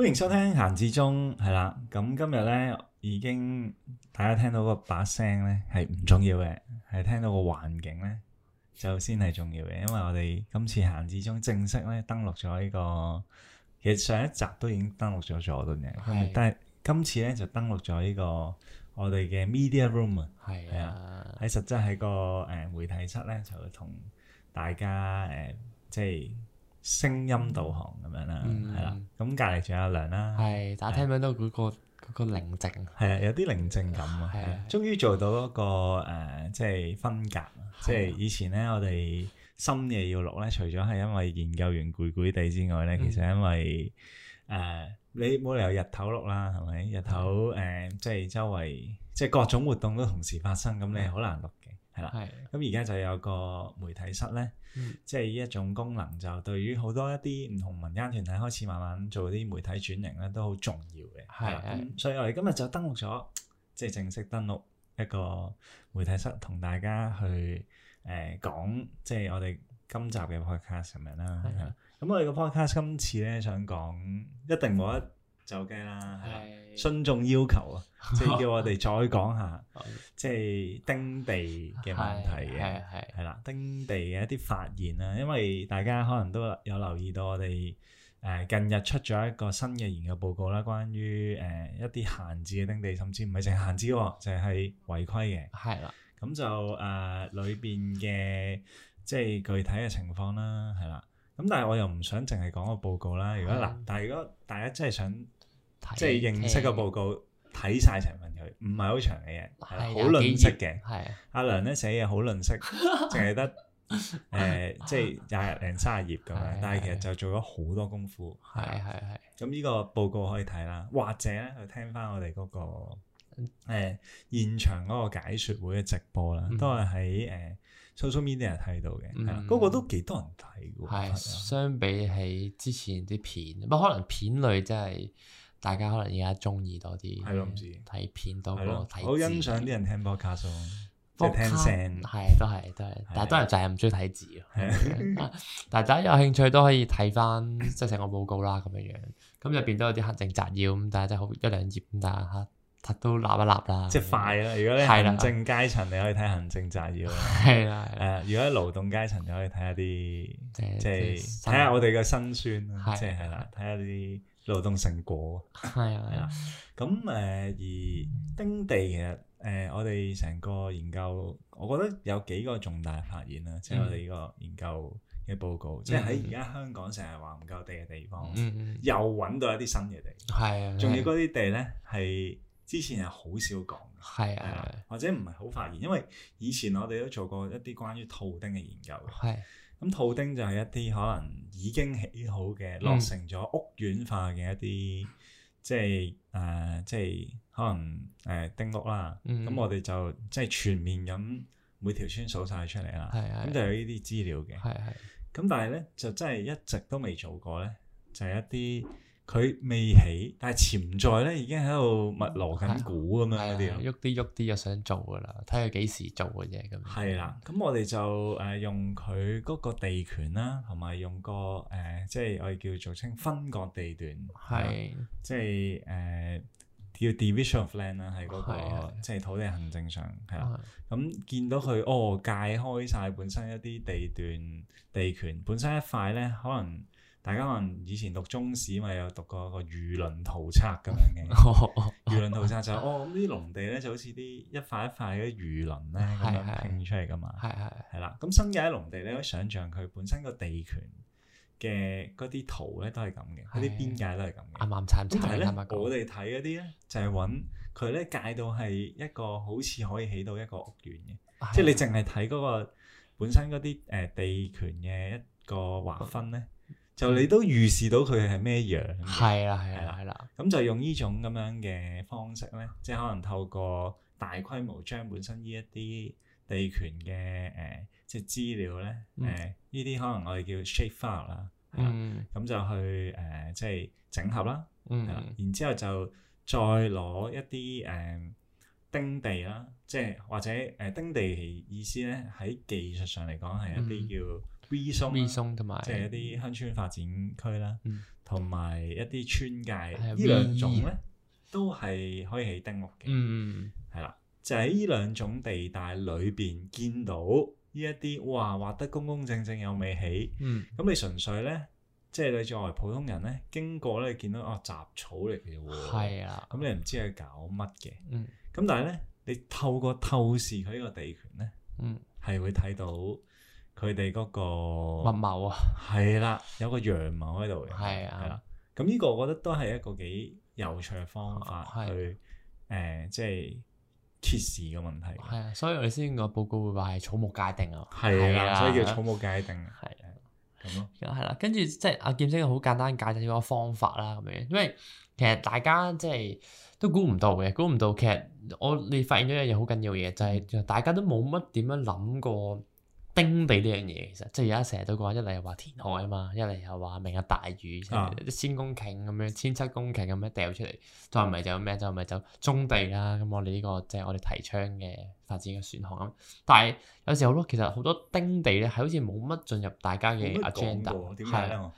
歡迎收聽閒置中，係啦。咁今日咧，已經大家聽到個把聲咧係唔重要嘅，係聽到個環境咧就先係重要嘅。因為我哋今次閒置中正式咧登錄咗呢個，其實上一集都已經登錄咗佐敦嘅，的但係今次咧就登錄咗呢個我哋嘅 media room 啊的，係啊啦，喺實質喺個誒媒體室咧就同大家誒、呃、即係。聲音導航咁樣啦，係啦、嗯，咁隔離住阿梁啦，係打聽聲都嗰個嗰、嗯嗰個寧靜，係、那、啊、個那個，有啲寧靜感啊，係的，終於的做到一、那個誒、呃，即係分隔，的即係以前咧，我哋深夜要錄咧，除咗係因為研究完攰攰地之外咧，其實因為誒、嗯呃、你冇理由日頭錄啦，係咪？日頭誒、呃，即係周圍即係各種活動都同時發生，咁你好難錄。嗯係啦，咁而家就有個媒體室咧，嗯、即係一種功能，就對於好多一啲唔同民間團體開始慢慢做啲媒體轉型咧，都好重要嘅。係所以我哋今日就登錄咗，即、就、係、是、正式登錄一個媒體室，同大家去誒、呃、講，即係我哋今集嘅 podcast 咁樣啦的。係咁的我哋個 podcast 今次咧想講，一定冇一、嗯。手機啦，係吧信眾要求啊， 即係叫我哋再講下，即係丁地嘅問題嘅係係係啦，丁地嘅一啲發言啦，因為大家可能都有留意到我哋誒、呃、近日出咗一個新嘅研究報告啦，關於誒、呃、一啲閒置嘅丁地，甚至唔係淨係閒置，規的淨係違規嘅係啦。咁就誒裏邊嘅即係具體嘅情況啦，係啦。咁但係我又唔想淨係講個報告啦。如果嗱，嗯、但係如果大家真係想即係認識嘅報告，睇晒成份佢，唔係好長嘅嘢，好論析嘅。阿梁咧寫嘢好論析，淨係得誒，即係廿零卅頁咁樣，但係其實就做咗好多功夫。係係係。咁呢個報告可以睇啦，或者咧去聽翻我哋嗰個誒現場嗰個解說會嘅直播啦，都係喺誒 social media 睇到嘅。嗰個都幾多人睇嘅。係相比起之前啲片，不過可能片類真係。大家可能而家中意多啲，睇片多過睇字。好欣賞啲人聽播客，播客聽聲，係都係都係，但都係就係唔中意睇字。但大家有興趣都可以睇翻即係成個報告啦咁樣樣。咁入邊都有啲行政摘要咁，但係真係好一兩頁咁，但係嚇都立一立啦。即係快啦！如果你係行政階層，你可以睇行政摘要。係啦，誒，如果係勞動階層，就可以睇下啲，即係睇下我哋嘅辛酸啦。即係啦，睇下啲，勞動成果係啊，係啊 的。咁誒、呃、而丁地其實誒，我哋成個研究，我覺得有幾個重大發現啦。嗯、即係我哋呢個研究嘅報告，嗯、即係喺而家香港成日話唔夠地嘅地方，嗯、又揾到一啲新嘅地。係啊、嗯，仲要嗰啲地咧係之前係好少講嘅，啊的，的或者唔係好發現，因為以前我哋都做過一啲關於套丁嘅研究。係的。咁套丁就係一啲可能已經起好嘅落成咗屋苑化嘅一啲、嗯呃，即係誒，即係可能誒、呃、丁屋啦。咁、嗯、我哋就即係全面咁每條村數晒出嚟啦。咁、嗯、就有資、嗯、呢啲資料嘅。咁但係咧，就真係一直都未做過咧，就係、是、一啲。佢未起，但係潛在咧已經喺度密鑼緊鼓咁樣嗰啲，喐啲喐啲又想做噶啦，睇下幾時做嘅嘢咁。係啦、啊，咁我哋就誒、呃、用佢嗰個地權啦，同埋用個誒、呃，即係我哋叫做稱分割地段，係、啊啊、即係誒叫 division of land 啦、那個，喺嗰個即係土地行政上係啦。咁、啊啊啊、見到佢哦，界開晒本身一啲地段地權，本身一塊咧可能。大家可能以前讀中史咪有讀過個魚鱗圖冊咁樣嘅，魚鱗、哦、圖冊就哦咁啲農地咧就好似啲一塊一塊嗰啲魚鱗咧咁樣拼出嚟噶嘛，係係係啦。咁新界啲農地咧，可以想象佢本身個地權嘅嗰啲圖咧都係咁嘅，嗰啲邊界都係咁嘅。啱啱差唔多，但係咧我哋睇嗰啲咧就係揾佢咧界到係一個好似可以起到一個屋苑嘅，即係對對 你淨係睇嗰個本身嗰啲誒地權嘅一個劃分咧。嗯就你都預示到佢係咩樣？係啦，係啦，係啦。咁就用呢種咁樣嘅方式咧，即係可能透過大規模將本身呢一啲地權嘅誒、呃，即係資料咧，誒呢啲可能我哋叫 shape file 啦，咁、嗯、就去誒、呃、即係整合啦，嗯、然之後就再攞一啲誒、呃、丁地啦，即係或者誒、呃、丁地意思咧，喺技術上嚟講係一啲叫、嗯。B 松同埋即係一啲鄉村發展區啦，同埋、嗯、一啲村界，嗯、呢兩種咧都係可以起丁屋嘅。嗯，係啦，就喺呢兩種地帶裏邊見到呢一啲哇，畫得公公正正又未起。嗯，咁你純粹咧，即係你作為普通人咧，經過咧，你見到啊雜草嚟嘅喎。係啊，咁你唔知佢搞乜嘅。嗯，咁但係咧，你透過透視佢呢個地權咧，嗯，係會睇到。佢哋嗰個密謀啊，係啦，有個樣貌喺度嘅，係啊，咁呢個我覺得都係一個幾有趣嘅方法去誒，即係揭示個問題。係啊，所以我哋先個報告會話係草木界定啊，係啊，所以叫草木界定。係啊，咁咯，係啦，跟住即係阿劍星好簡單解釋咗個方法啦，咁樣，因為其實大家即係都估唔到嘅，估唔到其實我你發現咗一樣嘢好緊要嘅嘢，就係大家都冇乜點樣諗過。丁地呢樣嘢其實即係而家成日都講，一嚟又話填海啊嘛，一嚟又話明日大嶼，一、就是啊、千公頃咁樣，千七公頃咁樣掉出嚟、啊，就係咪就咩？就係咪就棕地啦？咁、嗯、我哋呢、呢個即係、就是、我哋提倡嘅發展嘅選項。但係有時候咯，其實好多丁地咧係好似冇乜進入大家嘅 agenda。點呢、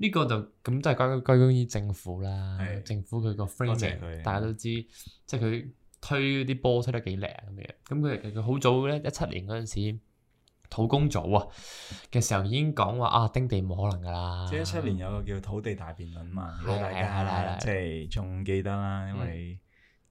呢個就咁都係歸歸功於政府啦？的政府佢個 friend 大家都知，即係佢推啲波推得幾叻啊咁樣。咁佢佢好早咧，一七年嗰陣時，土工組啊嘅時候已經講話啊，丁地冇可能噶啦。即係一七年有一個叫土地大辯論嘛，係係係，嗯、即係仲記得啦，因為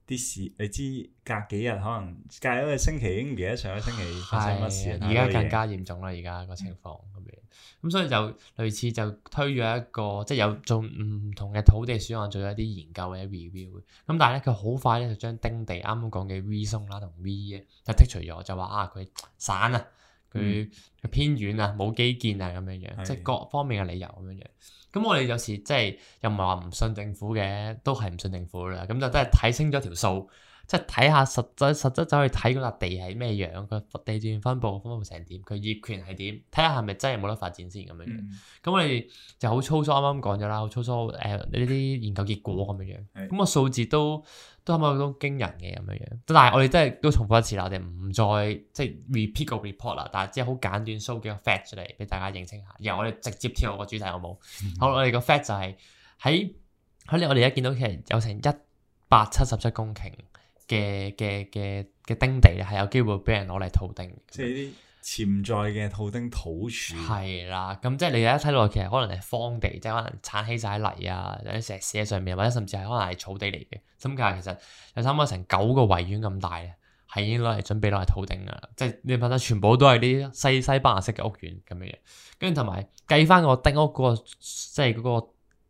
啲事你知隔幾日可能隔一個星期，已經唔記得、嗯、上一星期發生乜事。而家、哎、更加嚴重啦，而家個情況咁樣，咁所以就類似就推咗一個即係有做唔同嘅土地選項，做咗一啲研究嘅 review。咁但係咧，佢好快咧就將丁地啱啱講嘅 V 鬆啦同 V 就剔除咗，就話啊佢散啊。佢偏遠啊，冇基建啊，咁樣樣，是的 即係各方面嘅理由咁樣樣。咁我哋有時即係又唔係話唔信政府嘅，都係唔信政府啦。咁就真係睇清咗條數。即係睇下實質實質走去睇嗰笪地係咩樣，佢地段分布分布成點，佢業權係點，睇下係咪真係冇得發展先咁樣樣。咁、嗯、我哋就好粗疏，啱啱講咗啦，好粗疏誒呢啲研究結果咁樣樣。咁、嗯、個數字都都係咪好多驚人嘅咁樣樣。但係我哋真係都重複一次啦，我哋唔再即係 repeat 個 report 啦，但係即係好簡短 show 幾個 fact 出嚟俾大家認清下，然後我哋直接跳落個主題好冇？嗯、好，我哋個 fact 就係喺喺我哋而家見到其實有成一百七十七公頃。嘅嘅嘅嘅丁地咧，係有機會俾人攞嚟套丁。即係啲潛在嘅套丁土儲。係啦，咁即係你一睇落其實可能係荒地，即係可能鏟起曬啲泥啊，有啲石屎喺上面，或者甚至係可能係草地嚟嘅。咁其實有差唔多成九個維園咁大咧，係已經攞嚟準備攞嚟套丁啦。即係你睇得全部都係啲西西班牙式嘅屋苑咁嘅嘢，跟住同埋計翻個丁屋嗰個即係嗰個。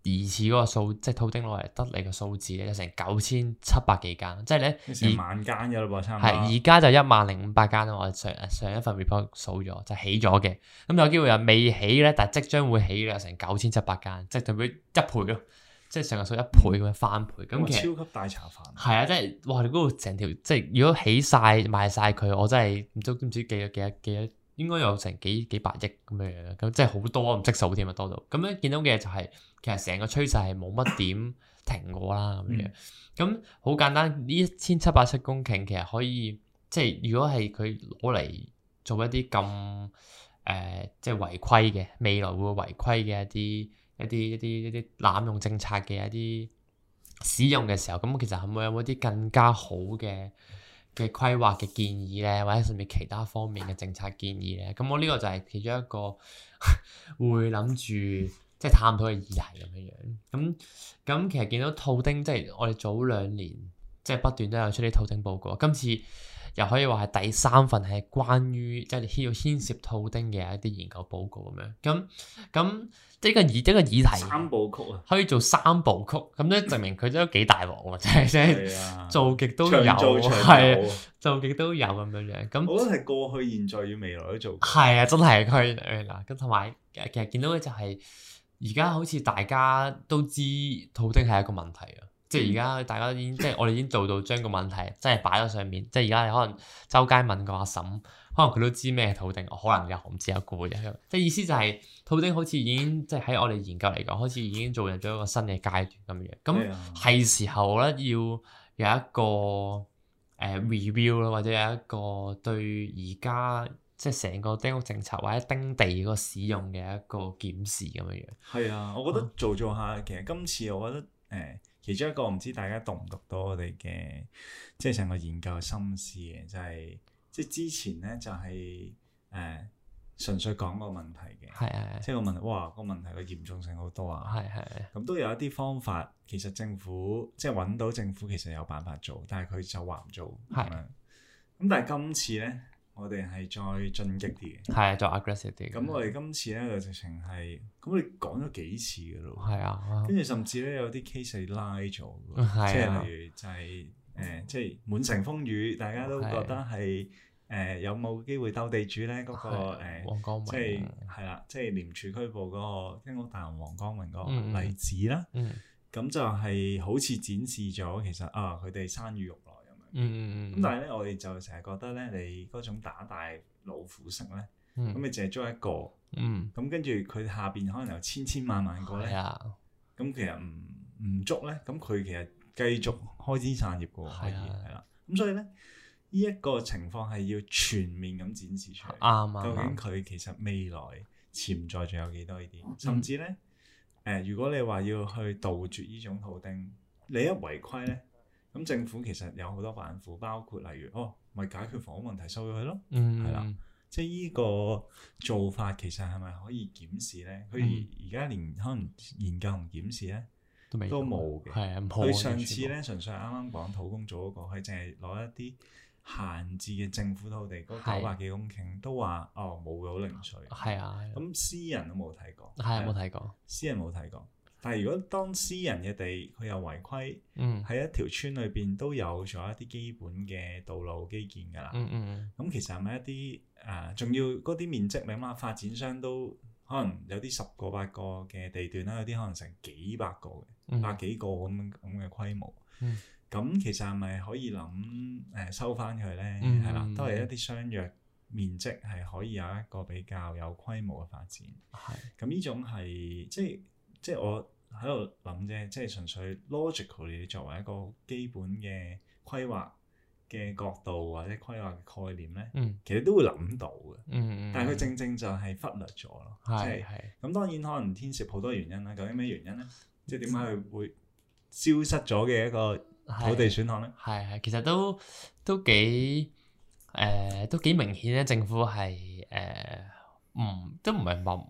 疑似嗰個數，即係套丁落嚟得嚟個數字咧，有成九千七百幾間，即係你二萬間嘅啦噃，差唔多。係而家就一萬零五百間啦，我上上一份 report 數咗，就是、起咗嘅。咁有機會又未起咧，但係即將會起嘅成九千七百間，即係同比一倍咯，即係成日數一倍咁樣翻倍。咁其實超級大茶飯。係啊，即係哇！你嗰度成條，即係如果起晒賣晒佢，我真係唔知都唔知寄咗幾多幾多，應該有成幾幾百億咁樣樣，咁即係好多唔識數添啊，多到咁樣見到嘅就係、是，其實成個趨勢係冇乜點停過啦咁 樣。咁好簡單，呢一千七百七公頃其實可以，即係如果係佢攞嚟做一啲咁誒，即係違規嘅未來會違規嘅一啲一啲一啲一啲濫用政策嘅一啲使用嘅時候，咁其實可唔可以有冇啲更加好嘅？嘅規劃嘅建議咧，或者甚至其他方面嘅政策建議咧，咁我呢個就係其中一個 會諗住即係探討嘅議題咁樣樣。咁咁其實見到套丁，即係我哋早兩年即係不斷都有出啲套丁報告，今次又可以話係第三份係關於即係要牽涉套丁嘅一啲研究報告咁樣。咁咁。一個議，呢個議題，三部曲啊，可以做三部曲，咁咧 證明佢都幾大鑊喎， 即係即做極都有，係啊，做極都有咁樣 樣。咁我覺得係過去現過、就是、現在與未來都做。係啊，真係佢啊，咁同埋其實見到嘅就係而家好似大家都知套丁係一個問題啊， 即係而家大家已經即係我哋已經做到將個問題即係擺咗上面， 即係而家你可能你周街問個阿嬸。可能佢都知咩係土地，可能又唔知有個嘢。即係意思就係、係、土地好似已經即係喺我哋研究嚟講，好似已經做入咗一個新嘅階段咁樣。咁係時候咧，要有一個誒、呃、review 咯，或者有一個對而家即係成個丁屋政策或者丁地嗰個使用嘅一個檢視咁樣。係啊，我覺得做做下。啊、其實今次我覺得誒、呃，其中一個唔知大家讀唔讀到我哋嘅即係成個研究嘅心思嘅，就係、係。即之前咧就係誒純粹講個問題嘅，係啊的，即係我問，哇個問題個嚴重性好多啊，係係的，咁都有一啲方法，其實政府即係揾到政府其實有辦法做，但係佢就話唔做咁咁的，但係今次咧，我哋係再進擊啲嘅，係啊，再 aggressive 啲。咁我哋今次咧就直情係，咁我哋講咗幾次噶咯，係啊的，跟住甚至咧有啲 case 係拉咗，的即係例如就係、係、誒，即、呃、係、就係、滿城風雨，大家都覺得係的。誒、嗯嗯、有冇機會鬥地主咧？嗰、那個誒、啊啊啊，即係係啦，即係廉署拘捕嗰個香港大亨黃光榮嗰個例子啦。咁、嗯嗯、就係好似展示咗其實啊，佢哋生於肉內咁樣。咁、嗯、但係咧，我哋就成日覺得咧，你嗰種打大老虎食咧，咁、嗯、你淨係捉一個，咁、嗯嗯、跟住佢下邊可能有千千萬萬,萬個咧。咁、啊嗯、其實唔唔捉咧，咁佢其實繼續開枝散葉嘅喎。係啊，啦、啊。咁所以咧。呢一個情況係要全面咁展示出嚟，究竟佢其實未來潛在仲有幾多呢啲？嗯、甚至咧，誒、呃，如果你話要去杜絕種套呢種套丁，你一違規咧，咁政府其實有好多辦法，包括例如，哦，咪解決房屋問題收咗佢咯，係啦、嗯，即係呢個做法其實係咪可以檢視咧？佢而家連可能研究同檢視咧都都冇嘅，佢上次咧純粹啱啱講土供組嗰、那個，佢淨係攞一啲。閒置嘅政府土地嗰九百幾公頃，的都話哦，冇咗零碎，係啊的，咁私人都冇睇過，係冇睇過，私人冇睇過。但係如果當私人嘅地佢又違規，喺、嗯、一條村裏邊都有咗一啲基本嘅道路基建㗎啦、嗯。嗯嗯，咁其實係咪一啲誒仲要嗰啲面積？你諗下發展商都可能有啲十個八個嘅地段啦，有啲可能成幾百個、嗯、百幾個咁咁嘅規模。嗯。咁其實係咪可以諗誒收翻佢咧？係啦、嗯，都係一啲相約面積係可以有一個比較有規模嘅發展。係咁的，呢種係即係即係我喺度諗啫，即係純粹 logical 你作為一個基本嘅規劃嘅角度或者規劃嘅概念咧。其實都會諗到嘅。嗯，嗯，嗯，但係佢正正就係忽略咗咯。係係的。咁、嗯嗯、當然可能牽涉好多原因啦。究竟咩原因咧？即係點解佢會？消失咗嘅一個土地選項咧，係係其實都都幾誒、呃、都幾明顯咧，政府係誒唔都唔係話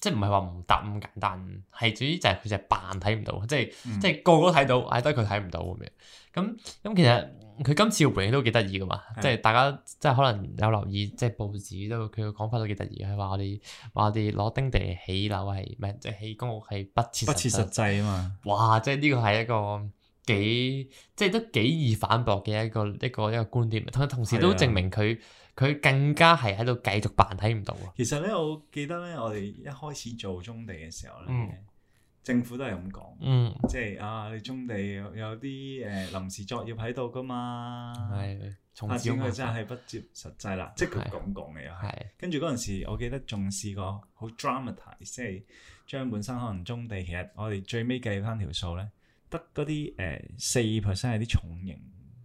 即係唔係話唔答咁簡單，係主要就係佢就扮睇唔到，即係、嗯、即係個個睇到，係得佢睇唔到咁樣，咁咁、嗯、其實。佢今次嘅回應都幾得意㗎嘛，的即係大家即係可能有留意，即係報紙都佢嘅講法都幾得意，係話我哋話我哋攞丁地起樓係咩？即係起公屋係不切不切實際啊嘛！哇！即係呢個係一個幾即係都幾易反駁嘅一個一個一個觀點，同同時都證明佢佢的更加係喺度繼續扮睇唔到啊！其實咧，我記得咧，我哋一開始做中地嘅時候咧。嗯政府都係咁講，嗯，即係啊，你棕地有啲誒、呃、臨時作業喺度噶嘛，發展佢真係不切實際啦，即佢咁講嘅。又的的跟住嗰陣時，我記得仲試過好 dramatic，即係將本身可能棕地、嗯、其實我哋最尾計返條數咧，得嗰啲誒四 percent 係啲重型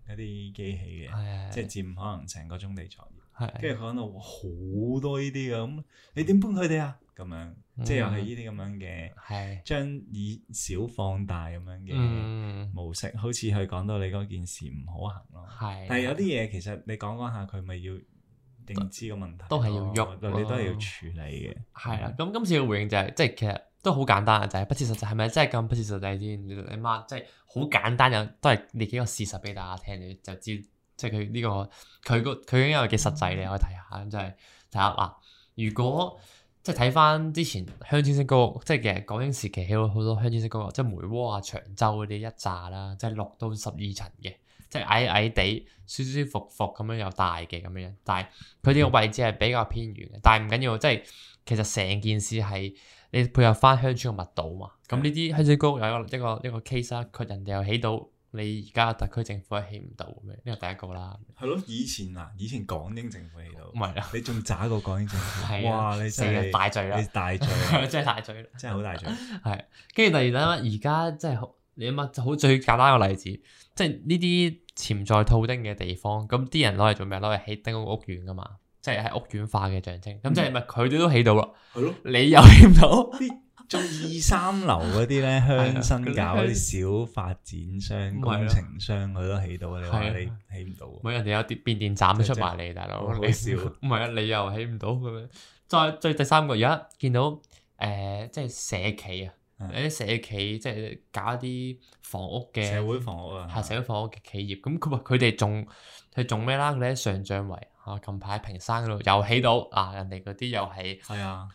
嗰啲機器嘅的，即係佔可能成個棕地作業。跟住可能好的哇多呢啲咁，嗯、你點搬佢哋啊？咁樣、嗯、即係又係呢啲咁樣嘅，將的以小放大咁樣嘅模式，好似佢講到你嗰件事唔好行咯。係的，但係有啲嘢其實你講講下佢咪要認知嘅問題都係要喐，你都係要處理嘅。係啦、嗯，咁今次嘅回應就係、是、即係其實都好簡單啊，就係不切實際，係咪真係咁不切實際先？你你媽即係好簡單，又都係列幾個事實俾、就是就是、大家聽，你就知。就知即係佢呢個佢個佢應該幾實際咧，可以睇下，咁就係睇下嗱。如果即係睇翻之前鄉村式高屋，即係其實港英時期起咗好多鄉村式高屋，即係梅窩啊、長洲嗰啲一紮啦，即係落到十二層嘅，即係矮矮地、舒舒服服咁樣又大嘅咁樣。但係佢呢個位置係比較偏遠嘅，但係唔緊要，即係其實成件事係你配合翻鄉村嘅密度嘛。咁呢啲鄉村高屋又有一個，一個，一，個一個 case 啦，佢人哋又起到。你而家特區政府起唔到咩？呢個第一個啦。係咯，以前啊，以前港英政府起到，唔係啊，你仲渣過港英政府。係 啊，哇你真係大罪啦！你大罪， 真係大罪啦！真係好大罪。係、 啊，跟住第二，諗下而家真係好，你諗下好最簡單個例子，即係呢啲潛在套丁嘅地方，咁啲人攞嚟做咩？攞嚟起丁屋屋苑噶嘛，即係喺屋苑化嘅象徵。咁即係咪佢哋都起到咯？係咯、嗯，你又起唔到。 仲二三流嗰啲咧，鄉紳搞啲小發展商、工程商，佢都起到你話你起唔到？唔係，人哋有啲變電站都出埋嚟，大佬你笑？唔係啊，你又起唔到咁樣？再再第三個，而家見到誒，即係社企啊，啲社企即係搞一啲房屋嘅社會房屋啊，係社會房屋嘅企業，咁佢話佢哋仲佢仲咩啦？佢喺上漲圍嚇，近排平山嗰度又起到啊！人哋嗰啲又起。係啊。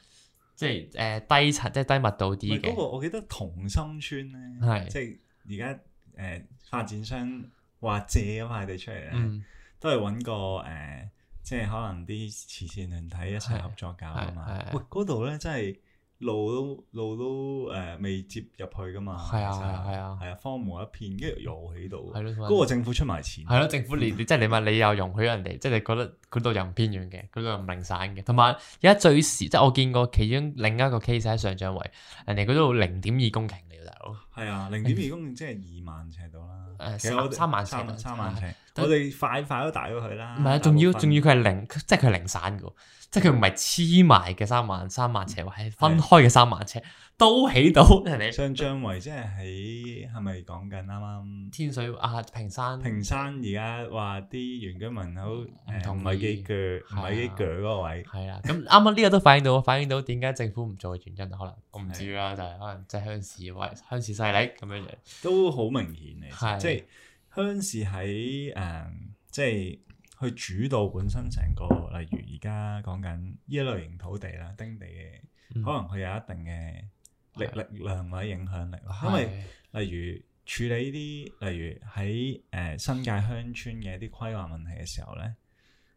即係誒低層，即係低密度啲嘅。嗰個我記得同心村咧，是即係而家誒發展商話借咗塊地出嚟咧，嗯、都係揾個誒、呃，即係可能啲慈善聯體一齊合作搞啊嘛。喂，嗰度咧真係～路都路都誒未接入去㗎嘛？係啊係啊係啊，荒蕪一片，跟住又喺度。係咯，嗰個政府出埋錢。係咯，政府你即係你話你又容許人哋，即係你覺得嗰度又唔偏遠嘅，嗰度又唔零散嘅。同埋而家最時，即係我見過其中另一個 case 喺上將圍，人哋嗰度零點二公頃嚟嘅大佬。係啊，零點二公頃即係二萬尺度啦。誒，其實三萬三萬尺。我哋快快都大咗佢啦。唔係啊，仲要仲要佢係零，即係佢係零散嘅。即係佢唔係黐埋嘅三萬三萬尺，或係分開嘅三萬尺都起到，人哋。上璋圍即係喺，係咪講緊啱啱天水圍平山？平山而家話啲原居民口唔同，唔係幾腳，唔係幾腳嗰個位。係啊，咁啱啱呢個都反映到，反映到點解政府唔做嘅原因？可能我唔知啦，就係可能即係鄉事位、鄉事勢力咁樣樣，都好明顯嚟。即係鄉事喺誒，即係。去主導本身成個，例如而家講緊呢一類型土地啦、丁地嘅，嗯、可能佢有一定嘅力力量或者影響力，的因為的例如處理啲例如喺誒、呃、新界鄉村嘅一啲規劃問題嘅時候咧，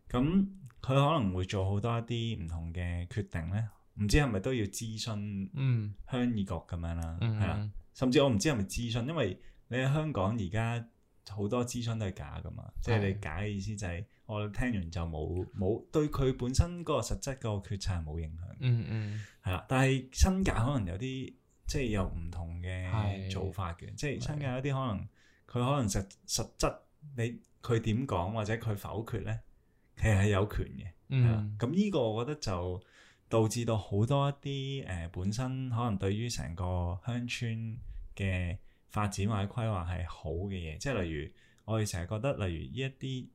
咁佢、嗯、可能會做好多一啲唔同嘅決定咧，唔知係咪都要諮詢嗯鄉議局咁樣啦，係啊、嗯嗯，甚至我唔知係咪諮詢，因為你喺香港而家。好多諮詢都係假㗎嘛，的即係你假嘅意思就係、是、我聽完就冇冇對佢本身個實質個決策係冇影響，嗯嗯，係啦。但係新界可能有啲即係有唔同嘅做法嘅，的即係新界有啲可能佢可能實實質你佢點講或者佢否決咧，佢係有權嘅，嗯。咁呢個我覺得就導致到好多一啲誒、呃、本身可能對於成個鄉村嘅。發展或者規劃係好嘅嘢，即係例如我哋成日覺得，例如呢一啲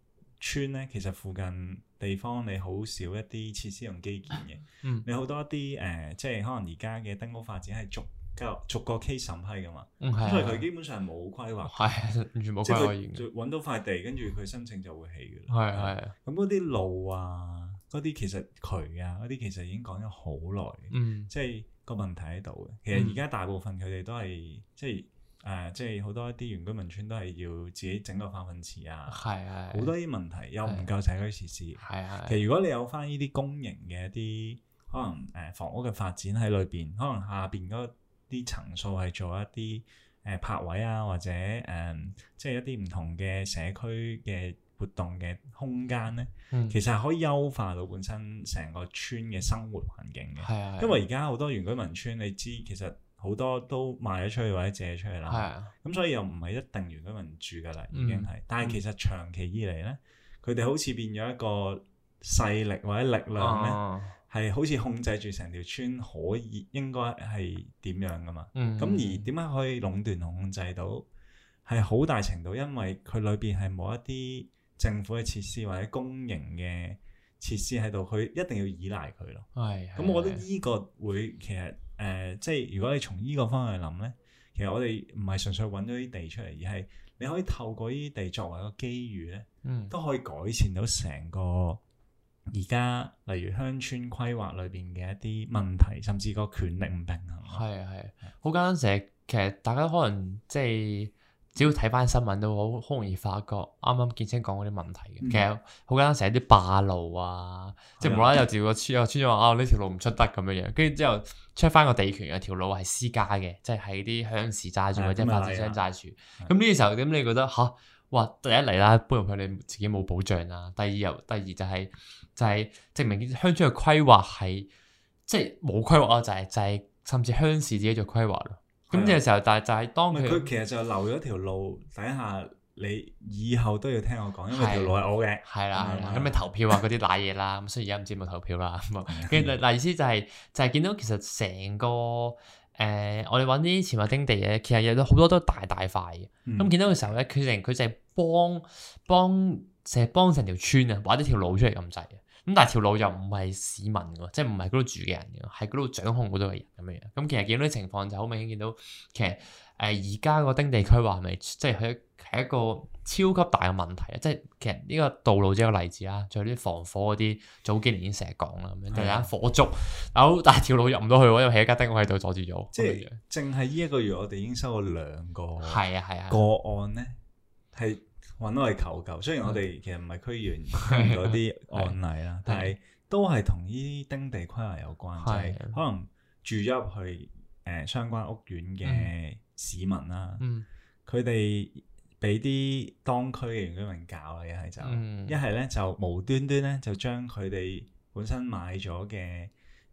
村咧，其實附近地方你好少一啲設施用基建嘅，嗯、你好多一啲誒、呃，即係可能而家嘅丁屋發展係逐個逐個 case 審批嘅嘛，嗯啊、因為佢基本上冇規劃，係完、啊、全冇規劃現嘅。就搵到塊地，跟住佢申請就會起嘅啦。係咁嗰啲路啊，嗰啲其實渠啊，嗰啲其實已經講咗好耐即係個問題喺度嘅。其實而家大部分佢哋都係即係。嗯誒、呃，即係好多一啲原居民村都係要自己整個化糞池啊，係啊的，好多啲問題又唔夠社區設施，係啊的。其實如果你有翻呢啲公營嘅一啲可能誒、呃、房屋嘅發展喺裏邊，可能下邊嗰啲層數係做一啲誒泊位啊，或者誒、呃、即係一啲唔同嘅社區嘅活動嘅空間咧，嗯、其實係可以優化到本身成個村嘅生活環境嘅。係啊的，因為而家好多原居民村，你知其實。好多都賣咗出去或者借咗出去啦，咁、啊、所以又唔係一定原居民住㗎啦，嗯、已經係。但係其實長期以嚟咧，佢哋、嗯、好似變咗一個勢力或者力量咧，係、哦、好似控制住成條村可以、嗯、應該係點樣㗎嘛？咁、嗯、而點解可以壟斷同控制到？係好大程度因為佢裏邊係冇一啲政府嘅設施或者公營嘅設施喺度，佢一定要依賴佢咯。係，咁我覺得呢個會其實。誒，即係如果你從依個方向去諗咧，其實我哋唔係純粹揾咗啲地出嚟，而係你可以透過呢啲地作為個機遇咧，都可以改善到成個而家，例如鄉村規劃裏邊嘅一啲問題，甚至個權力唔平衡。係啊係啊，好簡單，成日其實大家可能即係只要睇翻新聞都好好容易發覺，啱啱建清講嗰啲問題嘅，其實好簡單，成日啲霸路啊，即係無啦啦又照個村個村長啊，呢條路唔出得咁樣樣，跟住之後。出翻個地權有條路係私家嘅，即係喺啲鄉事揸住、嗯嗯、或者發展商揸住。咁呢個時候點你覺得吓、嗯？哇！第一嚟啦，搬入去你自己冇保障啦。第二又第二就係、是、就係、是、證明鄉村嘅規劃係即係冇規劃咯，就係、是、就係、是、甚至鄉事自己做規劃咯。咁呢個、嗯、時候，嗯、但係就係當佢其實就留咗條路底下。你以後都要聽我講，因為條路係好嘅。係啦，咁你投票啊嗰啲瀨嘢啦，咁雖然而家唔知有冇投票啦。咁啊，跟住嗱意思就係、是、就係、是、見到其實成個誒、呃，我哋揾啲潛力丁地嘅，其實有好多都大大塊嘅。咁見到嘅時候咧，決定佢就係幫幫成幫成條村啊，挖咗條路出嚟咁滯嘅。咁但係條路又唔係市民喎，即係唔係嗰度住嘅人，係嗰度掌控嗰度嘅人咁樣樣。咁其實見到啲情況就好明顯，見到其實誒而家個丁地區話係咪即係佢係一個超級大嘅問題啊？即係其實呢個道路即個例子啦，仲有啲防火嗰啲，早幾年已經成日講啦。突然間火燭，但係條路入唔到去喎，因為係一家丁屋喺度阻住咗。即係淨係呢一個月，我哋已經收咗兩個係啊係啊個案咧係，搵我哋求救，雖然我哋其實唔係區議員嗰啲案例啦， 但係都係同呢啲丁地規劃有關，是就係可能住咗入去誒、呃、相關屋苑嘅市民啦、啊，佢哋俾啲當區嘅原居民搞啦，一係就一係咧就無端端咧就將佢哋本身買咗嘅，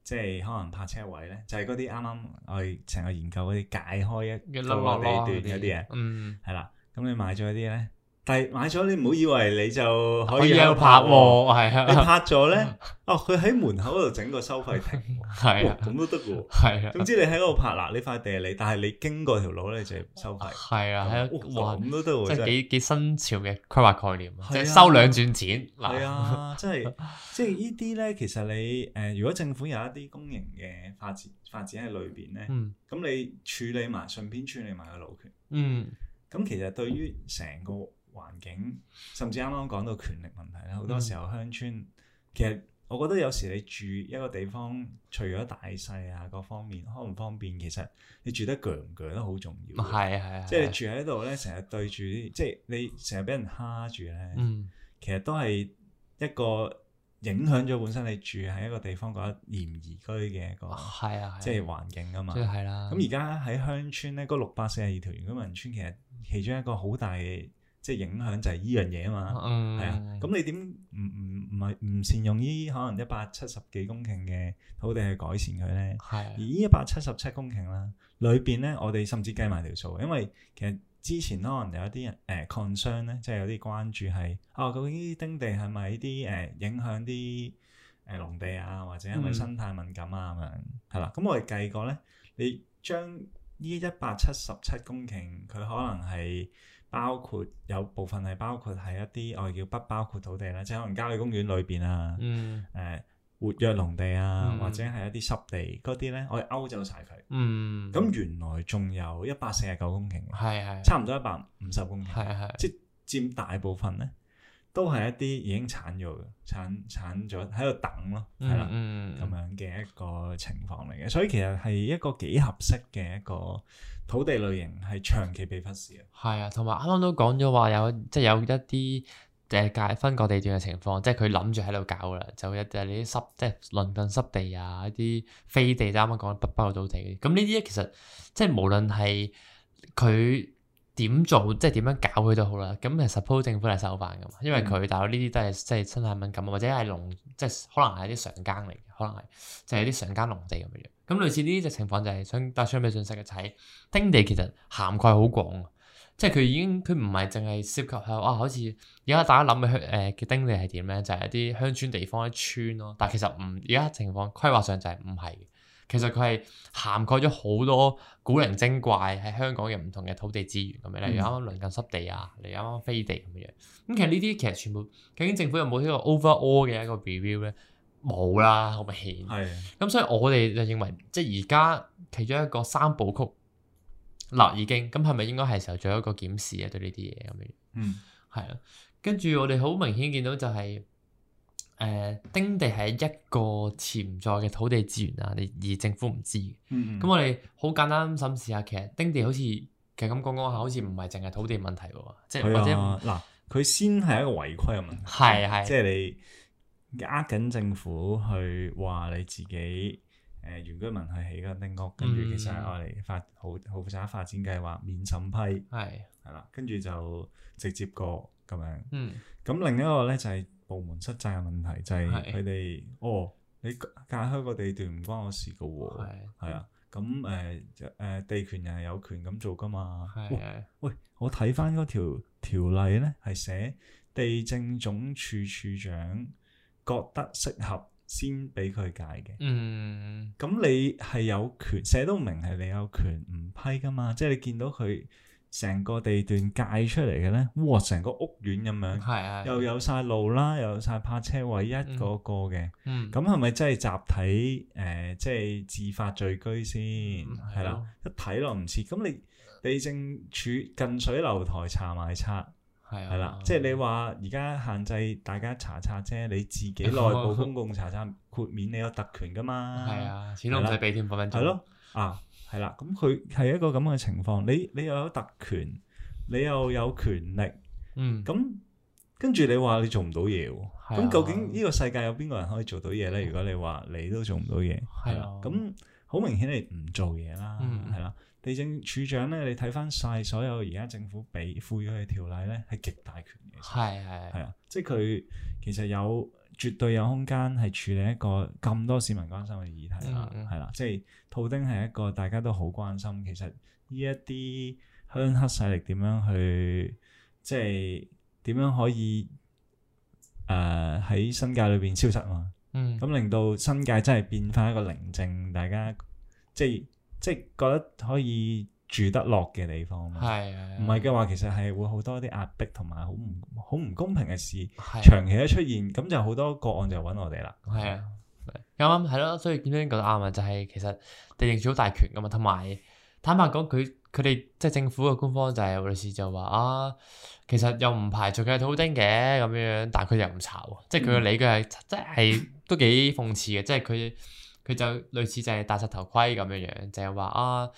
即、就、係、是、可能泊車位咧，就係嗰啲啱啱我成個研究嗰啲解開一啲地段嗰啲嘢，係啦，咁你買咗嗰啲咧？ 但係買咗你唔好以為你就可以喺度拍喎，係啊，你拍咗咧，哦，佢喺門口度整個收費亭，係咁都得喎，係啊，總之你喺嗰度拍嗱，呢塊地你，但係你經過條路咧就收費，係啊，係啊，咁都得喎，即係幾幾新潮嘅規劃概念，即係收兩轉錢，係啊，即係即係呢啲咧，其實你誒，如果政府有一啲公營嘅發展發展喺裏邊咧，嗯，咁你處理埋，順便處理埋個路權，嗯，咁其實對於成個，環境，甚至啱啱講到權力問題咧，好、嗯、多時候鄉村其實我覺得有時你住一個地方，除咗大細啊各方面可唔方便，其實你住得攰唔攰都好重要。係係、嗯嗯，即係住喺度咧，成日對住啲，即係你成日俾人蝦住咧，其實都係一個影響咗本身你住喺一個地方嗰個嫌宜居嘅一、那個，係、哦、啊，即係環境啊嘛。係啦、啊。咁而家喺鄉村咧，嗰六百四十二條原居民村，其實其中一個好大嘅。即係影響就係依樣嘢啊嘛，係、嗯、啊，咁、嗯、你點唔唔唔係唔善用依可能一百七十幾公頃嘅土地去改善佢咧？係、啊、而呢一百七十七公頃啦，裏邊咧我哋甚至計埋條數，因為其實之前可能有一啲人誒 concern 咧，即係有啲關注係、哦、究竟呢啲丁地係咪啲誒影響啲誒農地啊，或者因為生態敏感啊咁樣係啦。咁、嗯啊、我哋計過咧，你將呢一百七十七公頃佢可能係。包括有部分係包括喺一啲我哋叫不包括土地咧，即係可能郊野公園裏邊啊，誒、嗯呃、活躍農地啊，嗯、或者係一啲濕地嗰啲咧，我哋勾走晒佢。咁、嗯、原來仲有一百四十九公頃，係係、嗯、差唔多一百五十公頃，係係、嗯嗯、即係佔大部分咧，都係一啲已經產咗、產產咗喺度等咯，係啦，咁、嗯嗯、樣嘅一個情況嚟嘅，所以其實係一個幾合適嘅一個。土地類型係長期被忽視嘅，係啊，同埋啱啱都講咗話有，即係有一啲誒界分隔地段嘅情況，即係佢諗住喺度搞啦，就一啲濕，即係鄰近濕地啊，一啲飛地，啱啱講不包括土地，咁呢啲咧其實即係無論係佢。點做即係點樣搞佢都好啦，咁其 s u p 政府係手法噶嘛，因為佢大係呢啲都係即係生態敏感，或者係農，即係可能係啲上耕嚟，嘅，可能係即係啲上耕農地咁樣。咁類似呢隻情況就係、是、想帶出啲信息嘅，就係、是、丁地其實涵蓋好廣，即係佢已經佢唔係淨係涉及係哇、啊，好似而家大家諗嘅鄉誒丁地係點咧？就係、是、一啲鄉村地方一村咯、啊，但係其實唔而家情況規劃上就係唔係。其實佢係涵蓋咗好多古靈精怪喺香港嘅唔同嘅土地資源咁樣、嗯，例如啱啱鄰近濕地啊，嚟啱啱飛地咁樣。咁其實呢啲其實全部究竟政府有冇呢個 overall 嘅一個 review 咧？冇啦，好明顯。係的。咁所以我哋就認為，即係而家其中一個三部曲，嗱已經咁係咪應該係時候做一個檢視啊？對呢啲嘢咁樣。嗯。係啊，跟住我哋好明顯見到就係、是。誒、呃、丁地係一個潛在嘅土地資源啊，你而政府唔知。咁、嗯、我哋好簡單審視下，其實丁地好似其實咁講講下，好似唔係淨係土地問題喎，嗯、即係或者嗱，佢先係一個違規嘅問題。係係、啊。即係你呃緊政府去話你自己誒、呃、原居民去起個丁屋，跟住其實係我哋發好好快發展計劃免審批。係是。係啦、嗯，跟住就直接過咁樣。嗯。咁另一個咧就係。嗯。部門失責嘅問題就係佢哋，的哦，你隔開個地段唔關我事噶喎，係啊，咁誒誒地權人係有權咁做噶嘛，係的、哦，喂，我睇翻嗰條條例咧，係寫地政總署署長覺得適合先俾佢解嘅，嗯，咁你係有權寫到明係你有權唔批噶嘛，即係你見到佢。成個地段界出嚟嘅咧，哇！成個屋苑咁樣、啊啊又，又有晒路啦，又有晒泊車位一個一個嘅。嗯，咁係咪真係集體誒？即、呃、係自發聚居先，係啦。一睇落唔似。咁你地政處近水樓台查埋冊，係啦。即係你話而家限制大家查查啫，你自己內部公共查查豁免，你有特權噶嘛？係啊，錢都唔使俾添，百蚊就係咯啊！係啦，咁佢係一個咁嘅情況，你你又有特權，你又有權力，嗯，咁跟住你話你做唔到嘢，咁的究竟呢個世界有邊個人可以做到嘢咧？如果你話你都做唔到嘢，係啦，咁好明顯你唔做嘢啦，係啦的，地政署長咧，你睇翻晒所有而家政府俾賦予佢條例咧，係極大權嘅，係係係啊，即係佢其實有。絕對有空間係處理一個咁多市民關心嘅議題啦，係啦、嗯，即係套丁係一個大家都好關心，其實呢一啲鄉黑勢力點樣去，即係點樣可以誒喺、呃、新界裏邊消失嘛？嗯，咁令到新界真係變翻一個寧靜，大家即係即係覺得可以。住得落嘅地方嘛，唔係嘅話，其實係會好多啲壓迫同埋好唔好唔公平嘅事，長期一出現，咁就好多個案就揾我哋啦。係啊，啱啱係咯，所以劍兄講得啱啊，就係、是、其實地政署好大權噶嘛，同埋坦白講，佢佢哋即係政府嘅官方就係律師就話啊，其實又唔排除佢係套丁嘅咁樣，但係佢又唔查喎，即係佢嘅理據係即係都幾諷刺嘅，即係佢佢就類似就係戴實頭盔咁樣樣，就係話啊。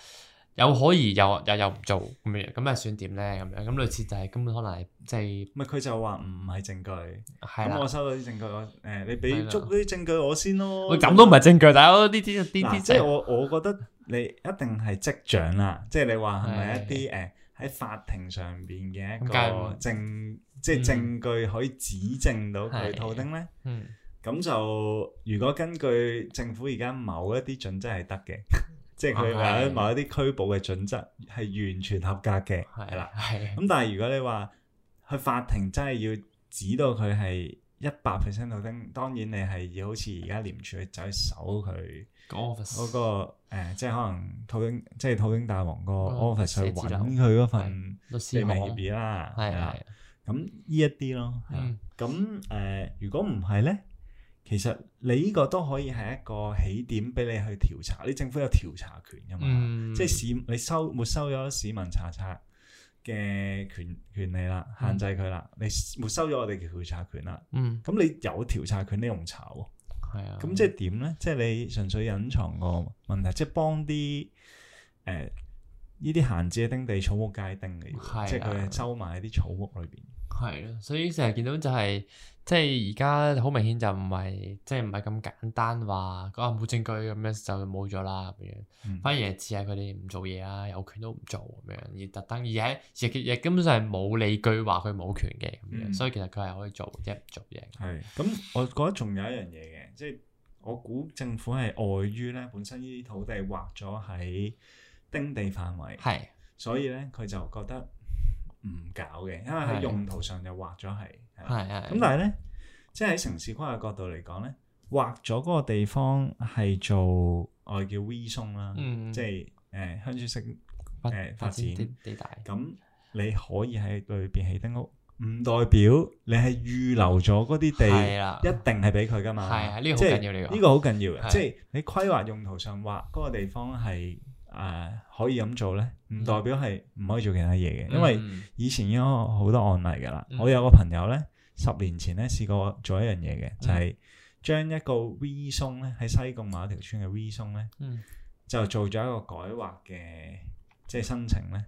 又可疑又又又唔做咁樣，咁又算點咧？咁樣咁類似就係根本可能係即係。唔係佢就話唔係證據，咁我收到啲證據，誒，你俾足啲證據我先咯。咁都唔係證據，大佬呢啲呢啲，即係我我覺得你一定係跡象啦。即係你話係咪一啲誒喺法庭上邊嘅一個證，即係證據可以指證到佢套丁咧？嗯，咁就如果根據政府而家某一啲準則係得嘅。即係佢話某一啲拘捕嘅準則係完全合格嘅，係啦、啊。咁但係如果你話去法庭真係要指到佢係一百 percent 套丁，當然你係要好似而家廉署去走去搜佢、嗰個 office，嗰個即係可能套丁，即、就、係、是、套丁大王個 office 去揾佢、啊、嗰份聲明啦，係啦。咁呢一啲咯，咁誒、嗯呃，如果唔係咧？其實你呢個都可以係一個起點，俾你去調查。你政府有調查權㗎嘛？嗯、即係市你收沒收咗市民查冊嘅權權利啦，限制佢啦。嗯、你沒收咗我哋嘅調查權啦。嗯，咁你有調查權你用查喎，係啊、嗯。咁即係點咧？的即係你純粹隱藏個問題，即係幫啲誒。呃呢啲閒置嘅丁地草屋界定嚟嘅，的即係佢收埋喺啲草屋裏邊。係咯，所以成日見到就係、是，即係而家好明顯就唔係，即係唔係咁簡單話，啊冇證據咁樣就冇咗啦咁樣。嗯、反而係指係佢哋唔做嘢啦，有權都唔做咁樣，而特登，而且亦亦根本上係冇理據話佢冇權嘅咁樣。嗯、所以其實佢係可以做一做嘢。係，咁我覺得仲有一樣嘢嘅，即係我估政府係礙於咧，本身呢啲土地劃咗喺丁地範圍係，所以咧佢就覺得唔搞嘅，因為喺用途上就劃咗係係係。咁但係咧，即係喺城市規劃角度嚟講咧，劃咗嗰個地方係做我哋叫威松啦，嗯，即係誒鄉村式誒發展地帶。咁你可以喺裏邊起丁屋，唔代表你係預留咗嗰啲地，係啦，一定係俾佢噶嘛。係啊，呢個好緊要，呢個呢個好緊要嘅。即係你規劃用途上劃嗰個地方係。誒、呃、可以咁做咧，唔代表係唔可以做其他嘢嘅，因為以前已經有好多案例嘅啦。嗯、我有個朋友咧，十年前咧試過做一樣嘢嘅，就係、是、將一個 V 松咧喺西貢某一條村嘅 V 松咧，嗯、就做咗一個改劃嘅，即係申請咧，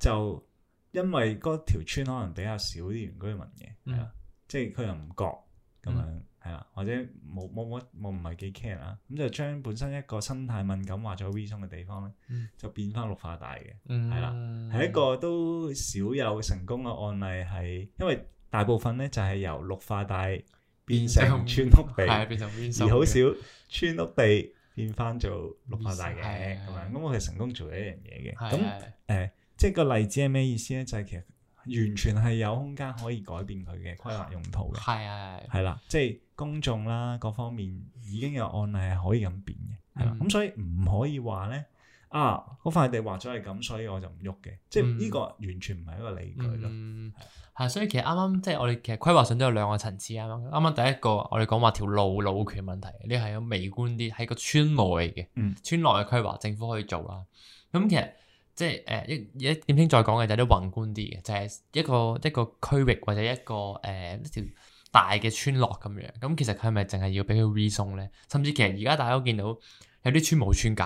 就因為嗰條村可能比較少啲原居民嘅、嗯，即係佢又唔覺咁啊。嗯係啊，或者冇冇乜，我唔係幾 care 啦。咁、嗯、就將本身一個生態敏感或者 V 松嘅地方咧，就變翻綠化帶嘅，係啦、嗯。係一個都少有成功嘅案例，係因為大部分咧就係、是、由綠化帶變成村屋地，變中而好少村屋地變翻做綠化帶嘅，係咪？咁、嗯、的我係成功做一樣嘢嘅。咁誒、嗯呃，即係個例子係咩意思咧？就係、其實。完全係有空間可以改變佢嘅規劃用途嘅。係係係啦，的即係公眾啦，各方面已經有案例係可以咁變嘅。係啦、嗯，咁所以唔可以話咧，啊嗰塊地劃咗係咁，所以我就唔喐嘅，即係呢個完全唔係一個理據咯，係、嗯，係、嗯、的所以其實啱啱即係我哋其實規劃上都有兩個層次，啱啱啱啱第一個我哋講話條路路權問題，你係要微觀啲喺個村內嘅，村內嘅規劃政府可以做啦，咁、嗯、其實。即係誒一一點先再講嘅就係啲宏觀啲嘅，就係一個一個區域或者一個誒一條大嘅村落咁樣。咁其實係咪淨係要俾佢 rezone 咧？甚至其實而家大家都見到有啲村冇村界，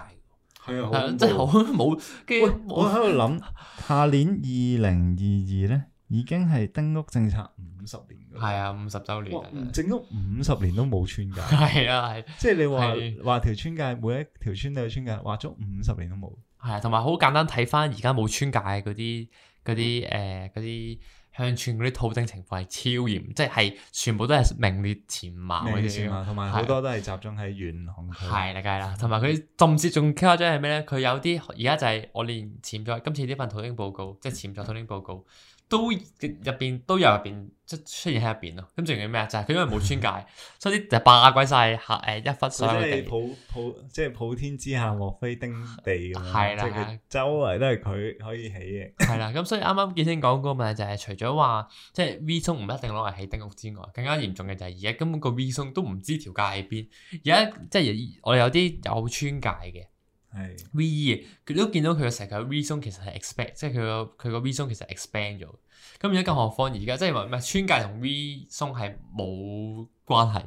係啊，真係好冇。我我喺度諗，下年二零二二咧已經係丁屋政策五十年，係啊，五十週年，整屋五十年都冇村界，係啊，係。即係你話話條村界，每一條村都有村界，畫足五十年都冇。係啊，同埋好簡單睇翻而家冇村界嗰啲啲誒，啲鄉村嗰啲套丁情況係超嚴，即係全部都係名列前茅。名，同埋好多都係集中喺元朗區。係啦，梗係啦，同埋佢甚至仲誇張係咩咧？佢有啲而家就係我連潛在今次呢份套丁報告，嗯、即係潛在套丁報告。嗯都入邊都有入邊即出現喺入邊咯，咁仲要咩啊？就係、是、佢因為冇村界， 所以啲就霸鬼晒。下誒一忽所有即係普普，即係、就是、普天之下莫非丁地咁。係啦、嗯，周圍都係佢可以起嘅。係 啦，咁所以啱啱建青講嗰個問題就係、是、除咗話即係 V 松唔一定攞嚟起丁屋之外，更加嚴重嘅就係而家根本個 V 松都唔知條界喺邊，而家即係我哋有啲有村界嘅。V 二，佢都見到佢個石球 V 松其實係 expand，即係佢個佢個 V 松其實 expand 咗。咁而家更何況而家即係話咩？村界同 V 松係冇關係，